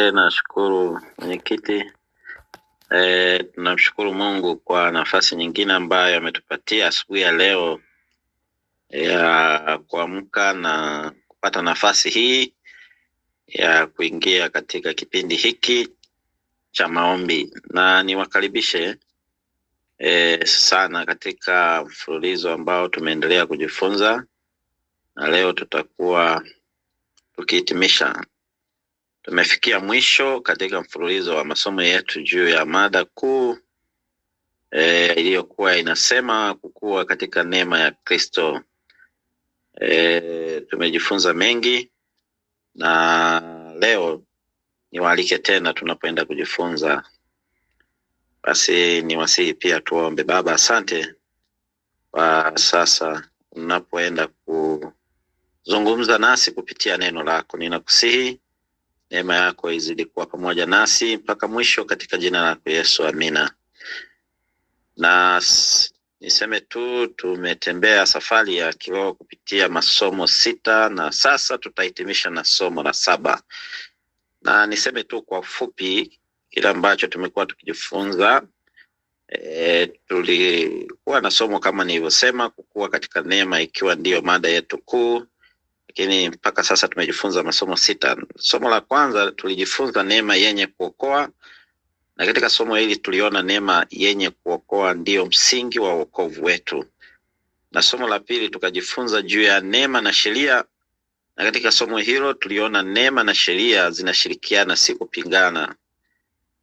Eh, nashukuru mwenyekiti. Eh, tunamshukuru e, Mungu kwa nafasi nyingine ambayo ametupatia asubuhi ya leo ya kuamka na kupata nafasi hii ya kuingia katika kipindi hiki cha maombi, na niwakaribishe e, sana katika mfululizo ambao tumeendelea kujifunza, na leo tutakuwa tukihitimisha Tumefikia mwisho katika mfululizo wa masomo yetu juu ya mada kuu e, iliyokuwa inasema kukua katika neema ya Kristo. E, tumejifunza mengi na leo niwaalike tena tunapoenda kujifunza. Basi niwasihi pia tuombe. Baba, asante kwa sasa unapoenda kuzungumza nasi kupitia neno lako, ninakusihi Neema yako izidi kuwa pamoja nasi mpaka mwisho, katika jina lako Yesu, amina. Na niseme tu tumetembea safari ya kiroho kupitia masomo sita na sasa tutahitimisha na somo la saba, na niseme tu kwa ufupi kile ambacho tumekuwa tukijifunza. E, tulikuwa na somo kama nilivyosema, kukua katika neema ikiwa ndiyo mada yetu kuu lakini mpaka sasa tumejifunza masomo sita. Somo la kwanza tulijifunza neema yenye kuokoa, na katika somo hili tuliona neema yenye kuokoa ndiyo msingi wa wokovu wetu, na somo la pili tukajifunza juu ya neema na sheria, na katika somo hilo tuliona neema na sheria zinashirikiana, si kupingana.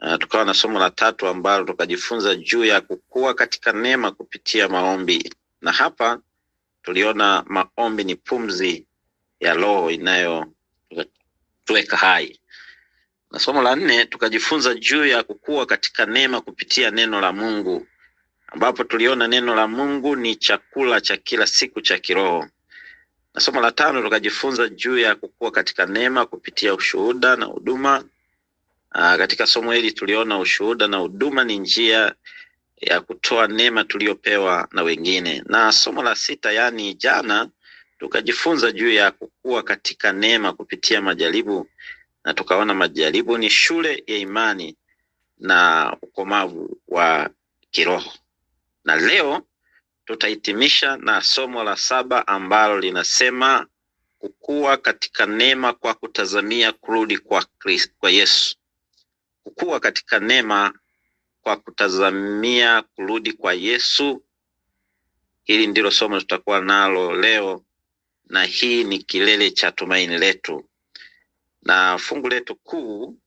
Uh, tukawa na somo la tatu ambalo tukajifunza juu ya kukua katika neema kupitia maombi, na hapa tuliona maombi ni pumzi ya roho inayotuweka hai. Na somo la nne tukajifunza juu ya kukua katika neema kupitia neno la Mungu, ambapo tuliona neno la Mungu ni chakula cha kila siku cha kiroho. Na somo la tano tukajifunza juu ya kukua katika neema kupitia ushuhuda na huduma. Aa, katika somo hili tuliona ushuhuda na huduma ni njia ya kutoa neema tuliyopewa na wengine. Na somo la sita, yaani jana, tukajifunza juu ya kukua katika neema kupitia majaribu, na tukaona majaribu ni shule ya imani na ukomavu wa kiroho. Na leo tutahitimisha na somo la saba ambalo linasema kukua katika neema kwa kutazamia kurudi kwa Christ, kwa Yesu. Kukua katika neema kwa kutazamia kurudi kwa Yesu. Hili ndilo somo tutakuwa nalo leo na hii ni kilele cha tumaini letu, na fungu letu kuu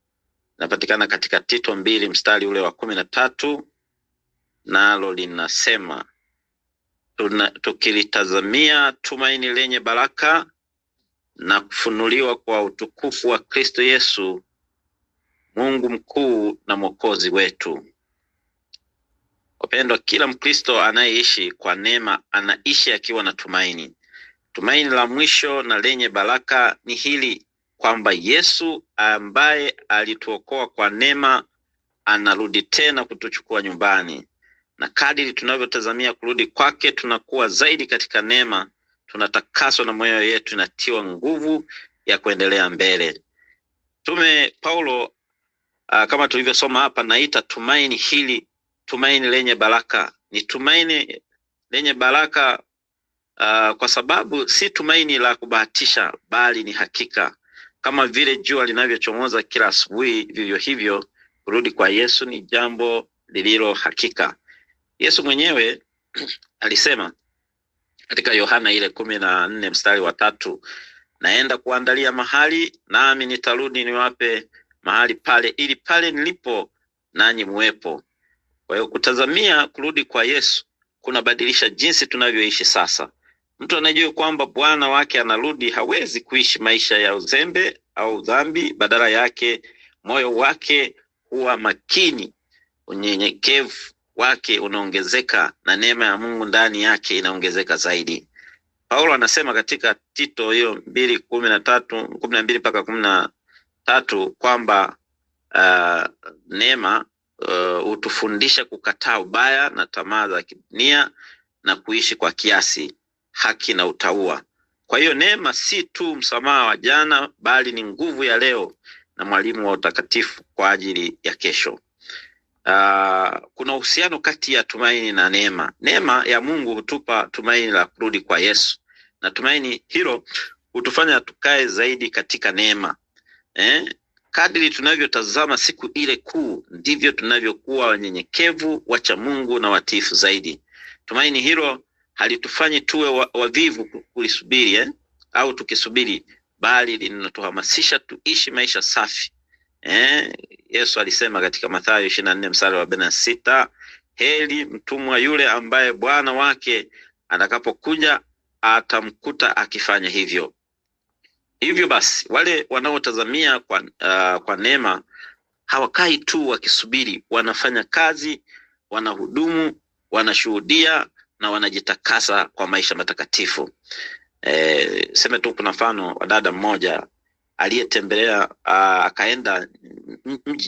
linapatikana katika Tito mbili mstari ule wa kumi na tatu nalo linasema tuna, tukilitazamia tumaini lenye baraka na kufunuliwa kwa utukufu wa Kristo Yesu Mungu mkuu na mwokozi wetu. Wapendwa, kila Mkristo anayeishi kwa neema anaishi akiwa na tumaini. Tumaini la mwisho na lenye baraka ni hili kwamba Yesu ambaye alituokoa kwa neema anarudi tena kutuchukua nyumbani, na kadiri tunavyotazamia kurudi kwake, tunakuwa zaidi katika neema, tunatakaswa na moyo yetu inatiwa nguvu ya kuendelea mbele. Mtume Paulo aa, ah, kama tulivyosoma hapa, naita tumaini hili tumaini lenye baraka. Ni tumaini lenye baraka uh, kwa sababu si tumaini la kubahatisha bali ni hakika. Kama vile jua linavyochomoza kila asubuhi, vivyo hivyo kurudi kwa Yesu ni jambo lililo hakika. Yesu mwenyewe alisema katika Yohana ile kumi na nne mstari wa tatu naenda kuandalia mahali, nami nitarudi niwape mahali pale, ili pale nilipo nanyi muwepo. Kwa hiyo kutazamia kurudi kwa Yesu kunabadilisha jinsi tunavyoishi sasa. Mtu anayejua kwamba bwana wake anarudi hawezi kuishi maisha ya uzembe au dhambi. Badala yake moyo wake huwa makini, unyenyekevu wake unaongezeka na neema ya Mungu ndani yake inaongezeka zaidi. Paulo anasema katika Tito hiyo mbili kumi na tatu kumi na mbili mpaka kumi na tatu kwamba uh, neema uh, hutufundisha uh, ubaya na tamaa za kidunia na kuishi kwa kiasi haki na utaua Kwa hiyo neema si tu msamaha wa jana, bali ni nguvu ya leo na mwalimu wa utakatifu kwa ajili ya kesho. Uh, kuna uhusiano kati ya tumaini na neema. Neema ya Mungu hutupa tumaini la kurudi kwa Yesu, na tumaini hilo hutufanya tukae zaidi katika neema eh? Kadri tunavyotazama siku ile kuu, ndivyo tunavyokuwa wanyenyekevu, wacha Mungu na watiifu zaidi. Tumaini hilo halitufanyi tuwe wavivu wa kulisubiri eh? au tukisubiri, bali linatuhamasisha tuishi maisha safi eh? Yesu alisema katika Mathayo ishirini na nne msara wa arobaini na sita heli mtumwa yule ambaye bwana wake atakapokuja atamkuta akifanya hivyo. Hivyo basi wale wanaotazamia kwa, uh, kwa neema hawakai tu wakisubiri, wanafanya kazi, wanahudumu, wanashuhudia na wanajitakasa kwa maisha matakatifu. E, seme tu kuna mfano wa dada mmoja aliyetembelea akaenda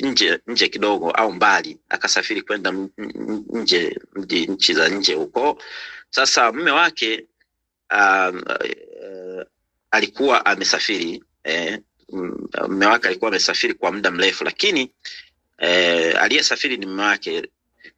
nje nje kidogo au mbali, akasafiri kwenda nje mji nchi za nje huko. Sasa mme wake a, a, alikuwa amesafiri eh, mme wake alikuwa amesafiri kwa muda mrefu, lakini eh, aliyesafiri ni mume wake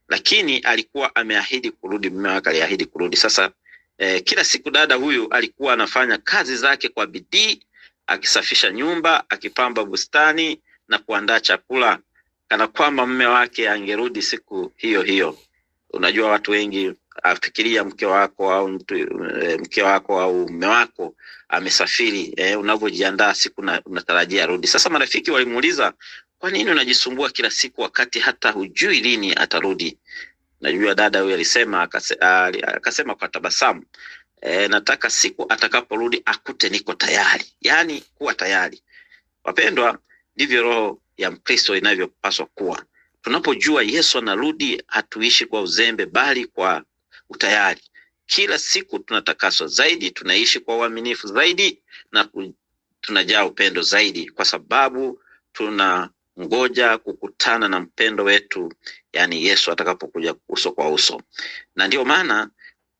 lakini alikuwa ameahidi kurudi, mume wake aliahidi kurudi. Sasa eh, kila siku dada huyu alikuwa anafanya kazi zake kwa bidii, akisafisha nyumba, akipamba bustani na kuandaa chakula, kana kwamba mume wake angerudi siku hiyo hiyo. Unajua, watu wengi afikiria mke wako au mtu, eh, mke wako au mume wako amesafiri eh, unavyojiandaa siku na unatarajia arudi. Sasa marafiki walimuuliza kwa nini unajisumbua kila siku wakati hata hujui lini atarudi? Najua dada huyu alisema akasema kwa tabasamu e, nataka siku atakaporudi akute niko tayari, yaani kuwa tayari. Wapendwa, ndivyo roho ya Mkristo inavyopaswa kuwa. Tunapojua Yesu anarudi, hatuishi kwa uzembe, bali kwa utayari. Kila siku tunatakaswa zaidi, tunaishi kwa uaminifu zaidi, na tunajaa upendo zaidi, kwa sababu tuna ngoja kukutana na mpendo wetu, yani Yesu atakapokuja uso kwa uso. Na ndiyo maana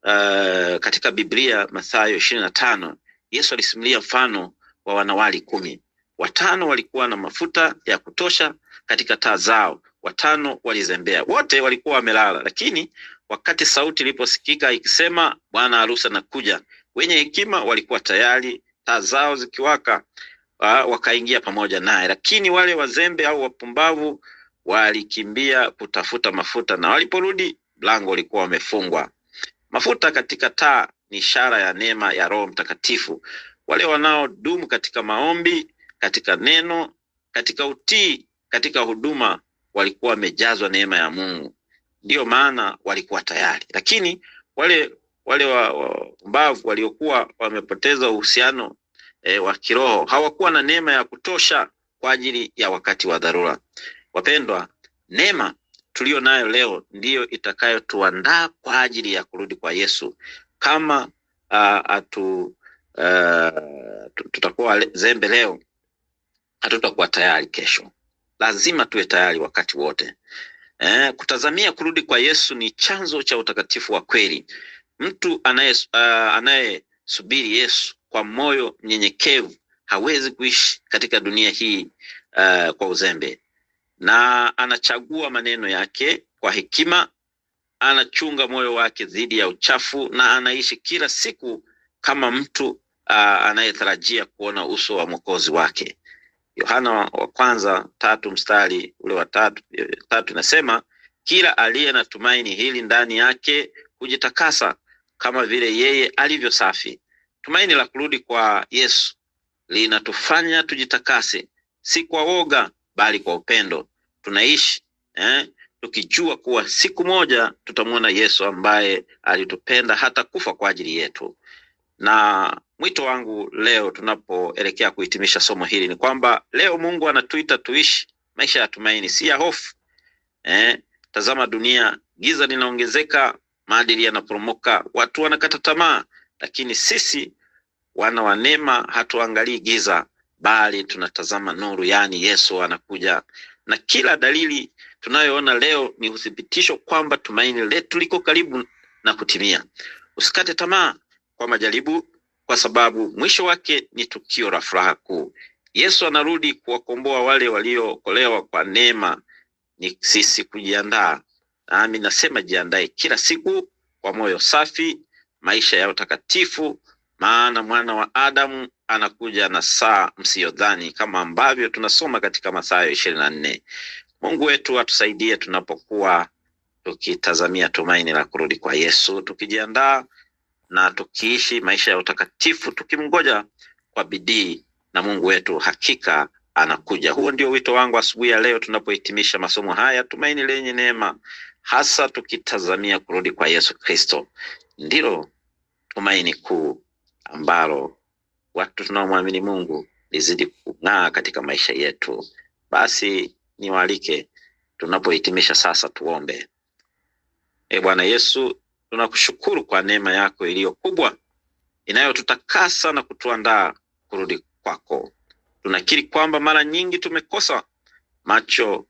uh, katika Biblia Mathayo ishirini na tano Yesu alisimulia mfano wa wanawali kumi. Watano walikuwa na mafuta ya kutosha katika taa zao, watano walizembea. Wote walikuwa wamelala, lakini wakati sauti iliposikika ikisema, bwana harusi anakuja, wenye hekima walikuwa tayari, taa zao zikiwaka Ah, wakaingia pamoja naye, lakini wale wazembe au wapumbavu walikimbia kutafuta mafuta, na waliporudi mlango ulikuwa wamefungwa. Mafuta katika taa ni ishara ya neema ya Roho Mtakatifu. Wale wanaodumu katika maombi, katika neno, katika utii, katika huduma, walikuwa wamejazwa neema ya Mungu, ndiyo maana walikuwa tayari. Lakini wale wale wapumbavu waliokuwa wamepoteza uhusiano e, wa kiroho hawakuwa na neema ya kutosha kwa ajili ya wakati wa dharura. Wapendwa, neema tuliyo nayo leo ndiyo itakayotuandaa kwa ajili ya kurudi kwa Yesu. Kama uh, atu, uh, tutakuwa zembe leo, hatutakuwa tayari kesho. Lazima tuwe tayari wakati wote. Eh, kutazamia kurudi kwa Yesu ni chanzo cha utakatifu wa kweli. Mtu anaye uh, anayesubiri Yesu kwa moyo mnyenyekevu, hawezi kuishi katika dunia hii uh, kwa uzembe, na anachagua maneno yake kwa hekima, anachunga moyo wake dhidi ya uchafu, na anaishi kila siku kama mtu uh, anayetarajia kuona uso wa mwokozi wake. Yohana wa kwanza tatu mstari ule wa tatu, tatu inasema kila aliye na tumaini hili ndani yake hujitakasa kama vile yeye alivyo safi. Tumaini la kurudi kwa Yesu linatufanya tujitakase, si kwa woga, bali kwa upendo. Tunaishi eh, tukijua kuwa siku moja tutamwona Yesu ambaye alitupenda hata kufa kwa ajili yetu. Na mwito wangu leo tunapoelekea kuhitimisha somo hili ni kwamba leo Mungu anatuita tuishi maisha ya tumaini, si ya hofu. Eh, tazama dunia, giza linaongezeka, maadili yanaporomoka, watu wanakata tamaa, lakini sisi wana wa neema hatuangalii giza, bali tunatazama nuru, yaani Yesu anakuja, na kila dalili tunayoona leo ni uthibitisho kwamba tumaini letu liko karibu na kutimia. Usikate tamaa kwa majaribu, kwa sababu mwisho wake ni tukio la furaha kuu. Yesu anarudi kuwakomboa wale waliookolewa kwa neema. Ni sisi kujiandaa, nami nasema jiandae kila siku kwa moyo safi maisha ya utakatifu, maana mwana wa Adamu anakuja na saa msiyodhani, kama ambavyo tunasoma katika Mathayo ishirini na nne. Mungu wetu atusaidie tunapokuwa tukitazamia tumaini la kurudi kwa Yesu, tukijiandaa na tukiishi maisha ya utakatifu, tukimngoja kwa bidii, na Mungu wetu hakika anakuja. Huo ndio wito wangu asubuhi ya leo, tunapohitimisha masomo haya, tumaini lenye neema, hasa tukitazamia kurudi kwa Yesu Kristo ndilo tumaini kuu ambalo watu tunaomwamini Mungu lizidi kung'aa katika maisha yetu. Basi niwaalike tunapohitimisha sasa, tuombe. E Bwana Yesu, tunakushukuru kwa neema yako iliyo kubwa inayotutakasa na kutuandaa kurudi kwako. Tunakiri kwamba mara nyingi tumekosa macho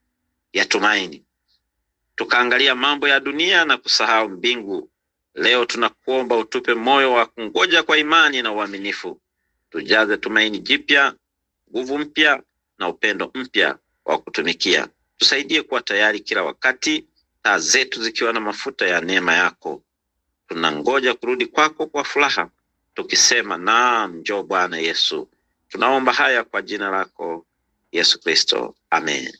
ya tumaini, tukaangalia mambo ya dunia na kusahau mbingu Leo tunakuomba utupe moyo wa kungoja kwa imani na uaminifu, tujaze tumaini jipya, nguvu mpya na upendo mpya wa kutumikia. Tusaidie kuwa tayari kila wakati, taa zetu zikiwa na mafuta ya neema yako. Tunangoja kurudi kwako kwa furaha, tukisema naam, njoo Bwana Yesu. Tunaomba haya kwa jina lako Yesu Kristo, amen.